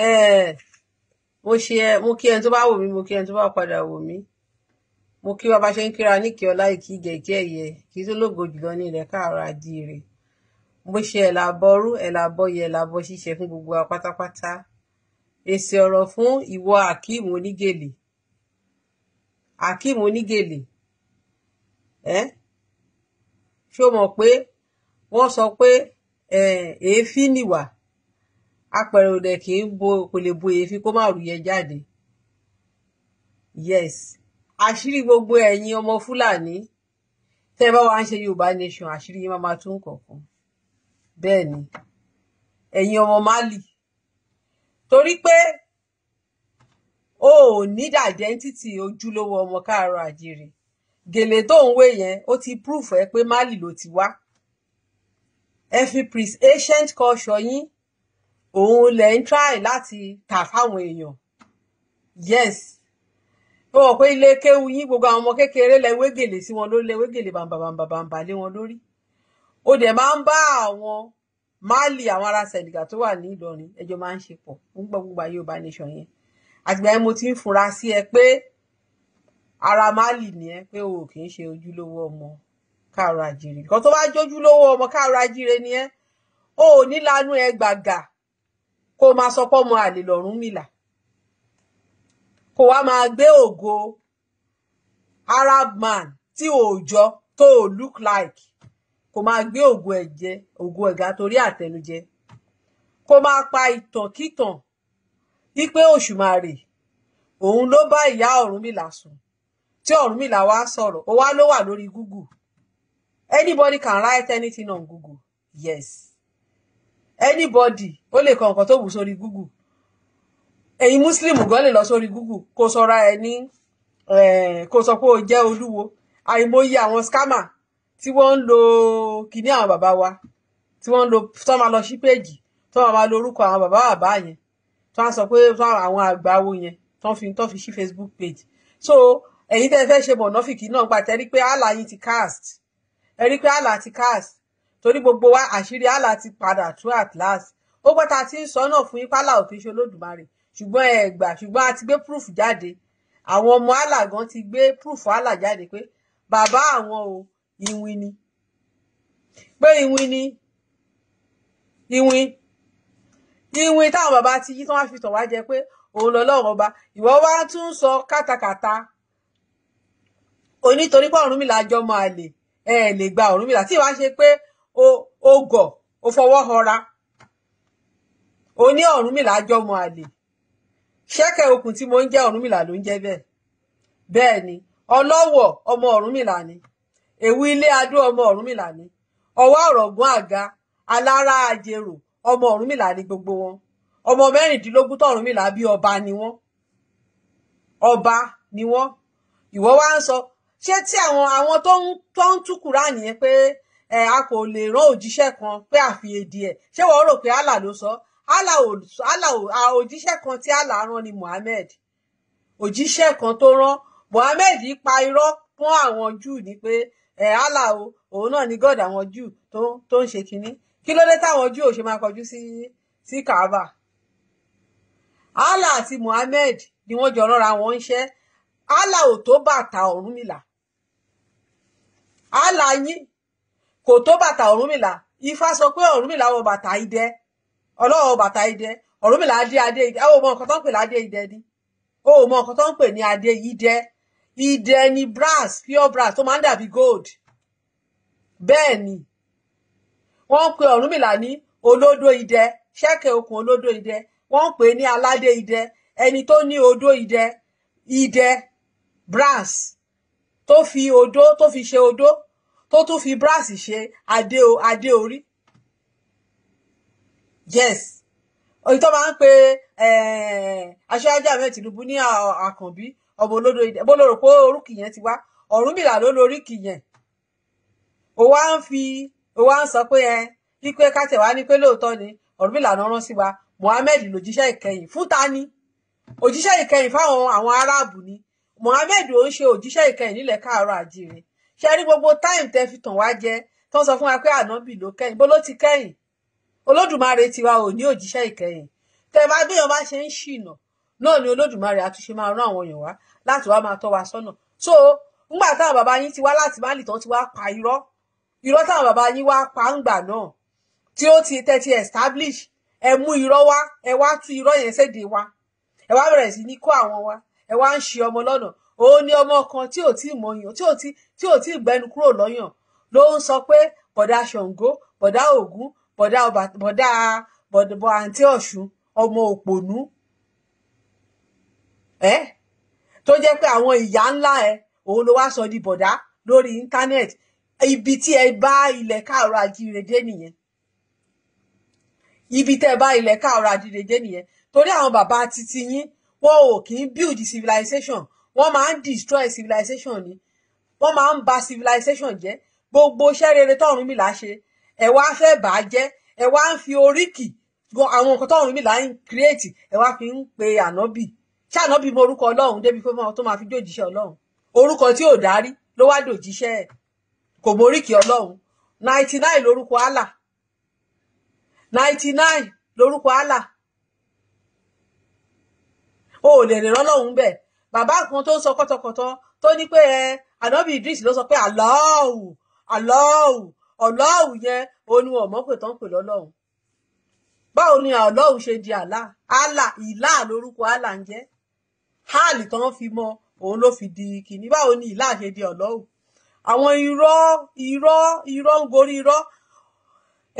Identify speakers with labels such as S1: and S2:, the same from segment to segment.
S1: Eh, mo ṣe ẹ mo kí ẹni tó bá wò mí mo kí ẹni tó bá padà wò mí mo kí wa bá ṣe ń kíra ní kí ọlá ìkí gẹ̀ẹ́kí ẹ̀yẹ kí tó lógo jùlọ ní ilẹ̀ káàárọ̀ àjíire bó ṣe ẹ̀ làbọ̀rú ẹ̀ làbọ̀yẹ ẹ̀ làbọ̀ ṣíṣe fún gbogbo wa pátápátá èsì ọ̀rọ̀ fún ìwọ akeem onígèlè akeem onígèlè ẹ́ eh? ṣó mọ̀ pé wọ́n sọ pé eh, èéfín nìwà apẹ̀rẹ̀ ò dẹ̀ kì í bo kò lè bo èéfín kó má rù yẹn jáde yes àṣírí gbogbo ẹ̀yin ọmọ fúlàní tẹ́ ẹ bá wa ń ṣe yorùbá nation àṣírí yín máa tún kọ̀ọ̀kan bẹ́ẹ̀ ni ẹ̀yin ọmọ mali torí pé o ò ní identity ojúlówó ọmọ káàárọ̀ àjíire gèlè tó ń wé yẹn ó ti proof ẹ pé mali ló ti wá ẹ fi pre ancient culture yín òun lẹ̀ ń try láti tà fáwọn èèyàn yes ó wọ̀ pé ilé kéwu yín gbogbo àwọn ọmọ kékeré lẹ wégèlè sí wọn lórí lẹ wégèlè bàǹbàǹbàǹbà lé wọn lórí ó dẹ̀ máa ń bá àwọn máàlì àwọn ará Senegal tó wà ní Ìlọrin ẹjọ́ máa ń ṣe pọ̀ ń gbọ́ gbogbo Yorùbá nation yẹn àtìgbà yẹn mo ti ń fura sí ẹ pé ara máàlì ni ẹ pé o kì í ṣe ojúlówó ọmọ káàrọ̀ àjíire nǹkan tó bá jójúlówó ọmọ káàrọ̀ àjíire ni ẹ o ò ní lanu ẹ gbàgà kó máa sọ pọ́ ọmọ àlè l'Ọ̀rúnmìlà kó wá máa gbé ògo Arab man tí ò to look like kó máa gbé ògo ẹ̀ jẹ ògo ẹ̀gá torí àtẹnujẹ kó máa pa ìtàn kítàn wípé Òṣùmàrè òun ló bá ìyá Ọ̀rúnmìlà sùn tí Ọ̀rúnmìlà wá sọ̀rọ̀ ó wá ló wà lórí Google anybody can write anything on Google yes anybody ó lè kọ nǹkan tó wù sórí google ẹ̀yin muslim gan lè lọ sórí google kó sọra ẹ ní kó sọ pé o jẹ́ olúwo àìmọye àwọn scammer tí wọ́n ń lo kinní àwọn bàbá wa tí wọ́n ń lo tó máa lọ sí péjì tó máa lo orúkọ àwọn bàbá bàbá yẹn tó máa sọ pé àwọn àgbà wo yẹn tó fi tó fi sí facebook page so ẹ̀yin tẹ́ fẹ́ ṣe mọ̀nàfìkì náà gbà tẹ́ rí pé àlà yín ti cast ẹ rí pé àlà ti cast torí gbogbo wa àṣírí àlà ti padà tú at last ó gbọ́ ta ti ń sọ náà fún ipá làwọn òfin ṣolódùmarè ṣùgbọ́n ẹ gbà ṣùgbọ́n a ti gbé proof jáde àwọn ọmọ àlà gan ti gbé proof àlà jáde pé bàbá àwọn o ìwìn ni pé ìwìn ni ìwìn ìwìn táwọn bàbá ti yí tí wọ́n fi tàn wá jẹ pé òun lọ́lọ́run ọba ìwọ wá tún sọ kátàkátà onítorí pé Ọ̀rúnmìlà jọmọ àlè ẹ lè gba Ọ̀rúnmìlà tí ìwà ṣe pé ó o ó fọwọ́ họra ó ní Ọ̀rúnmìlà jọmọ àlè ṣẹ́kẹ̀ okùn tí mo ń jẹ́ Ọ̀rúnmìlà ló ń jẹ́ bẹ́ẹ̀ bẹ́ẹ̀ ni ọlọ́wọ̀ ọmọ Ọ̀rúnmìlà ni èwú ilé adó ọmọ Ọ̀rúnmìlà ni ọwọ́ ọ̀rọ̀gún àga alára àjèrò ọmọ Ọ̀rúnmìlà ni gbogbo wọn ọmọ mẹ́rìndínlógún tọ̀rúnmìlà bí ọba ni wọ́n ọba ni wọ́n ìwọ wá ń sọ ṣé tí àwọn àwọn tó ń tó ń tú Kùránì yẹn pé ẹ a kò lè rán òjíṣẹ́ kan pé àfi èdè ẹ̀ ṣé wọ́n rò pé Allah ló sọ Allah ò Allah ò òjíṣẹ́ kan tí Allah rán ni Muhammad òjíṣẹ́ kan tó rán Muhammad pa irọ́ fún àwọn Júù ni pé ẹ Allah o òun náà ni God àwọn Júù tó tó ń ṣe kinní kí ló dé táwọn Júù ò ṣe máa kọjú sí sí Kaaba Allah àti Muhammad ni wọ́n jọ rọra wọn ń ṣe Allah ò tó bàtà Ọ̀rúnmìlà Allah yín kò tó bàtà Ọ̀rúnmìlà Ifá sọ pé Ọ̀rúnmìlà wọ bàtà idẹ ọlọ́wọ́ bàtà idẹ Ọ̀rúnmìlà adé adé idẹ ó mọ nǹkan tó ń pè ládé idẹ ni ó mọ nǹkan tó ń pè ní adé idẹ idẹ ni brass pure brass tó máa ń dàbí gold bẹ́ẹ̀ ni wọ́n pe Ọ̀rúnmìlà ní olódó idẹ ṣẹ́kẹ̀ okùn olódó idẹ wọ́n pè ní aládé idẹ ẹni tó ní odó idẹ idẹ brass tó fi odó tó fi ṣe odó tó tún fi brass ṣe adé adé orí yes oyin tó máa ń pe eh, aṣáájú àmì Tinubu ní Àkànbí ọmọ olódo ìdẹ bó lóòrò pé orúkì yẹn ti wá Ọ̀rúnmìlà ló lórí kì yẹn ó wá ń fi ó wá ń sọ pé ẹ eh, wípé kátẹ̀wá ní pé lóòótọ́ ni Ọ̀rúnmìlà náà rán sí wa Mohammed lòjíṣẹ́ ìkẹyìn fún ta ni òjíṣẹ́ ìkẹyìn fáwọn àwọn aráàbù ni Mohammed ò ń ṣe òjíṣẹ́ ìkẹyìn nílẹ̀ káàárọ̀ àjíire ṣe rí gbogbo time tẹ fi tàn wá jẹ tó ń sọ fún wa pé ànábì ló kẹ́yìn bó ló ti kẹ́yìn olódùmarè tiwa ò ní òjíṣẹ́ ìkẹyìn tẹ bá bí èèyàn bá ṣe ń ṣìnà náà ni olódùmarè àtúnṣe máa rán àwọn èèyàn wá láti wá máa tọ́ wa sọ́nà so ńgbà táwọn bàbá yín ti wá láti Málì tán ti wá pa irọ́ irọ́ táwọn bàbá yín wá pa ńgbà náà tí ó ti tẹ́tí establish ẹ mú irọ́ wá ẹ wá tú irọ́ yẹn séde wa ẹ wá bẹ̀rẹ̀ sí ní kó àwọn wa ẹ wá ń ṣe ọmọ lọ́nà òun ni ọmọ kan tí ò tí ì mọyàn tí ò tí tí ò tí ì gbẹnu kúrò lọ́yàn ló ń sọ pé bọ̀dá ṣàngó bọ̀dá ògún bọ̀dá bọ̀dá bọ̀dọ̀ àǹtí ọ̀ṣun ọmọ òpònú ẹ tó jẹ́ pé àwọn ìyá ńlá ẹ òun ló wá sọ di bọ̀dá lórí íńtánẹ́ẹ̀tì ibi tí ẹ bá ilẹ̀ káàrọ̀ àjíire dé nìyẹn ibi tẹ́ bá ilẹ̀ káàrọ̀ àjíire dé nìyẹn torí àwọn bàbá titi yín wọn ò kì í build civilization wọ́n máa ń destroy civilization ni wọ́n máa ń ba civilization jẹ́ gbogbo iṣẹ́ rere tọ́run mi là ṣe ẹ wá fẹ́ bà á jẹ́ ẹ wá ń fi oríkì àwọn nǹkan tọ́run mi là ń create ẹ wá fi ń pe ànábì ṣé ànábì mọ orúkọ ọlọ́run débi pé tó máa fi dòjíṣẹ́ ọlọ́run orúkọ tí ò dárí ló wá dòjíṣẹ́ ẹ̀ kò móríkì ọlọ́run ninety nine lórúkọ allah ninety nine lórúkọ allah o ò lè rìn rọ́lọ́run bẹ́ẹ̀ bàbá kan tó ń sọ kọ́tọkọ́tọ tó ní pé ẹ ànábì Idris ló sọ pé àlọ́ọ̀hù àlọ́ọ̀hù ọlọ́ọ̀hù yẹn òun ni wọn mọ̀ pé tán pè lọ́lọ́hùn báwo ni àlọ́ọ̀hù ṣe di àlá àlà ìlà lórúkọ àlà ń jẹ́ háàlì tán fi mọ òun ló fi di kìíní báwo ni ìlà ṣe di ọlọ́ọ̀hù àwọn irọ́ irọ́ irọ́ ń gorí irọ́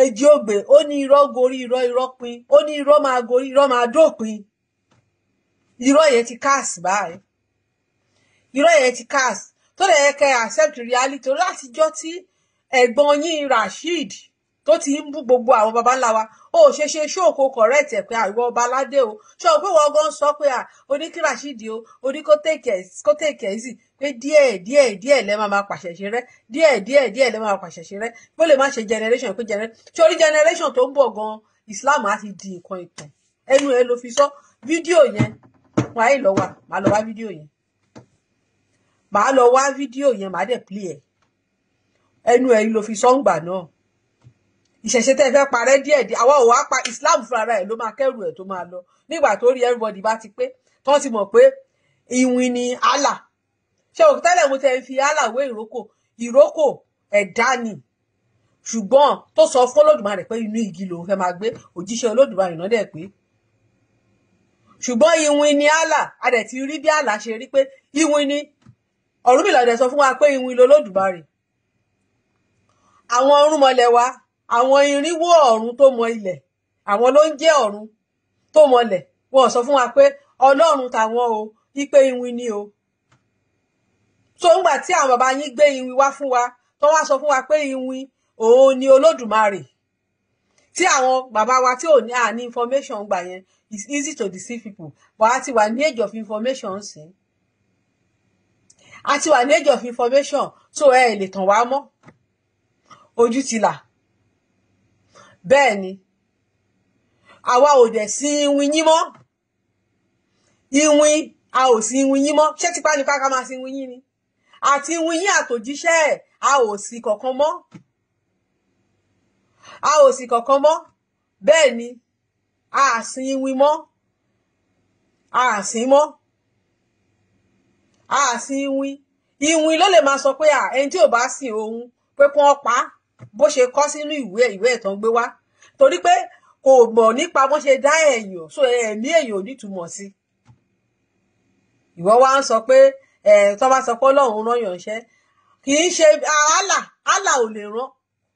S1: èjì ògbè ó ní irọ́ gorí irọ́ irọ́ pin ó ní irọ́ máa gorí irọ́ máa dópin irọ́ yẹn ti cast báyìí irọ́ yẹn ti cast tó lè yẹ kẹ́ accept reality látijọ́ tí ẹ̀gbọ́n yín Rasheed tó ti ń bú gbogbo àwọn baba wa ó ṣe ṣe ṣóòkó correct ẹ pé àìwọ ọba aládé o ṣọ pé wọn gan sọ pé à oníkí Rasheed o oní kó take easy pé díẹ̀ díẹ̀ díẹ̀ lẹ máa ma pàṣẹ ṣe rẹ díẹ̀ díẹ̀ díẹ̀ lẹ máa máa pàṣẹ ṣe rẹ bó lè má ṣe generation pé generation torí generation tó ń bọ̀ gan Islam á ti di nǹkan ìtàn ẹnu ẹ ló fi sọ fídíò yẹn wáyé lọ wà màá lọ wá fídíò yẹn màá lọ wá fídíò yẹn màá dẹ̀ play ẹ̀ ẹnu ẹ̀ ló fi sọ́ǹgbà náà ìṣẹ̀ṣe tẹ́ ẹ fẹ́ parẹ́ díẹ̀ díẹ̀ o ò wá pa Islam fúnra ẹ̀ ló máa kẹ́rù ẹ̀ tó máa lọ nígbà tó rí everybody bá ti pé tó ti mọ̀ pé ìwìn ni Allah ṣé o tẹ́lẹ̀ mo tẹ́ fi Allah wé ìrókò ìrókò ẹ̀dá ni ṣùgbọ́n tó sọ fún Olódùmarè pé inú igi lòun fẹ́ máa gbé òjíṣẹ́ Olódùmarè náà dẹ̀ pé ṣùgbọ́n iwin ni Allah a dẹ̀ ti rí bí Allah ṣe rí pé iwin ni Ọ̀rúnmìlà dẹ̀ sọ fún wa pé iwin lolódùmarè àwọn ọ̀rúnmọlẹ̀ wa àwọn irínwó ọ̀run tó mọ ilẹ̀ àwọn ló ń jẹ́ ọ̀run tó mọlẹ̀ wọn sọ fún wa pé ọlọ́run tàwọn o ipe iwin ni o tó ń gbà tí àwọn bàbá yín gbé iwin wá fún wa tó wá sọ fún wa pé iwin òun ni olódùmarè tí àwọn bàbá wa tí ò ní àní information gbà yẹn it's easy to deceive people but a ti wà ní age of information sí a ti wà ní age of information so ẹ lè tàn wá mọ́ ojú ti là bẹ́ẹ̀ ni àwa ò dẹ̀ sí iwin yín mọ́ iwin a ò sí iwin yín mọ́ ṣé tipá ni ká ká máa sí iwin yín ni àti iwin yín àtòjíṣẹ́ ẹ̀ a ò sí kankan mọ́ a ò sì kankan mọ́ bẹ́ẹ̀ ni a sin iwin mọ́ a sin mọ́ a sin iwin iwin ló lè máa sọ pé à ẹni tí ò bá sin òun pé kí wọ́n pa á bó ṣe kọ sínú ìwé ìwé ẹ̀tàn gbé wá torí pé kò mọ̀ nípa bó ṣe dá èèyàn so ẹ̀mí èèyàn ò nítumọ̀ sí ìwọ wá ń sọ pé ẹ tó bá sọ pé Ọlọ́run rán yàn ṣẹ kì í ṣe Allah Allah ò lè rán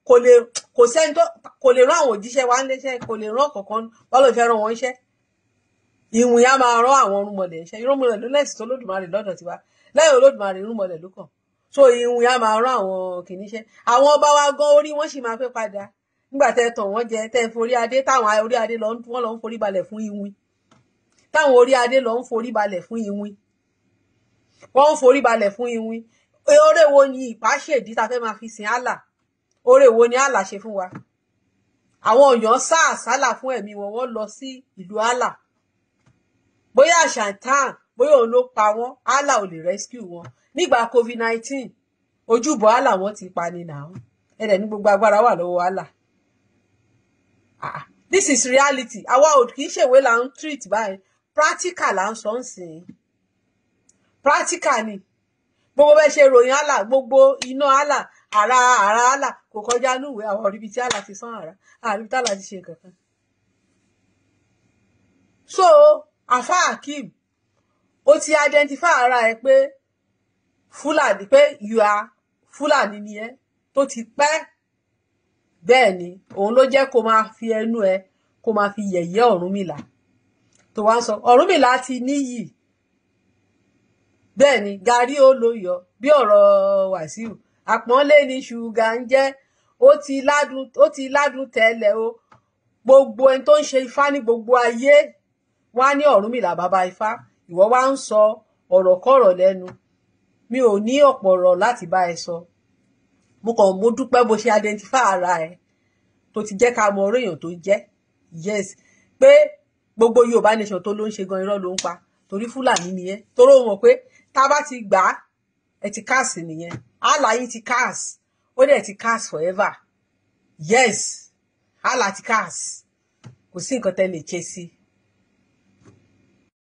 S1: kò lè kò sẹ́ni tó kò lè rán àwọn òjíṣẹ́ wa ńléṣẹ́ kò lè rán kọ̀ọ̀kan wọ́n lè fẹ́ wọn iṣẹ́ ìwìn á máa rán àwọn irúnmọlẹ̀ iṣẹ́ irúnmọlẹ̀ ló lẹ́sìn tó lódùmarè lọ́dọ̀ tiwa lẹ́yìn olódùmarè irúnmọlẹ̀ ló kàn so ìwìn á máa rán àwọn kìíní iṣẹ́ àwọn ọba wa gan orí wọn sì máa fẹ́ padà nígbà tẹ tàn wọ́n jẹ tẹ forí adé táwọn orí adé lọ wọ́n lọ ń forí balẹ̀ fún ìwìn táwọn orí adé lọ ń forí balẹ̀ fún ìwìn wọ́n ń forí balẹ̀ fún ìwìn oore wo ni ìpá ṣèdí ta fẹ́ máa fi sìn Allah oore wo ni Allah ṣe fún wa àwọn èèyàn sá àsálà fún ẹ̀mí wọn wọ́n lọ sí ìlú Allah bóyá àṣàntàn bóyá òun ló pa wọ́n Allah ò lè rescue wọn nígbà covid nineteen ojúbọ Allah wọn ti pa ni nàá ẹ̀rẹ̀ ní gbogbo agbára wà lọ́wọ́ Allah ah, this is reality àwa ò kì í ṣèwé là ń treat báyìí practical là ń sọ ń sìn practical ni gbogbo bẹ́ẹ̀ ṣe ròyìn Allah gbogbo iná Allah ara ara Allah kò kọjá núwèé àwọn ọ̀rí ibi tí àlà ti sán àrà àrí tí àlà ti ṣe kankan. so afa akeem o ti identify ara ẹ pé fúlàní pé you are fúlàní ni ẹ tó ti pẹ́ bẹ́ẹ̀ ni òun ló jẹ́ kó máa fi ẹnu ẹ kó máa fi yẹ̀yẹ́ Ọ̀rúnmìlà tó wá ń sọ Ọ̀rúnmìlà ti níyì bẹ́ẹ̀ ni gàrí ó bí ọ̀rọ̀ Wàsíù àpọ́nlé ni ṣùgà ń jẹ́ ó ti ládùn ó ti ládùn tẹ́lẹ̀ o gbogbo ẹni tó ń ṣe ifá ní gbogbo ayé wá ní Ọ̀rúnmìlà bàbá ifá ìwọ wá ń sọ ọ̀rọ̀ kọ̀rọ̀ lẹ́nu mi ò ní ọ̀pọ̀ ọ̀rọ̀ láti bá ẹ sọ mo kàn mo dúpẹ́ bó ṣe identify ara ẹ tó ti jẹ́ ká mọ orí èèyàn tó jẹ́ yes pé gbogbo Yorùbá nation tó ló ń ṣe gan irọ́ ló ń pa torí Fúlàní nìyẹn toró mọ̀ pé tá a bá ti gbà á ẹ ti káàsì nìyẹn àlàyé ti káàsì ó dẹ̀ ti cast forever yes Allah ti cast kò sí nǹkan tẹ́ lè ṣe sí i.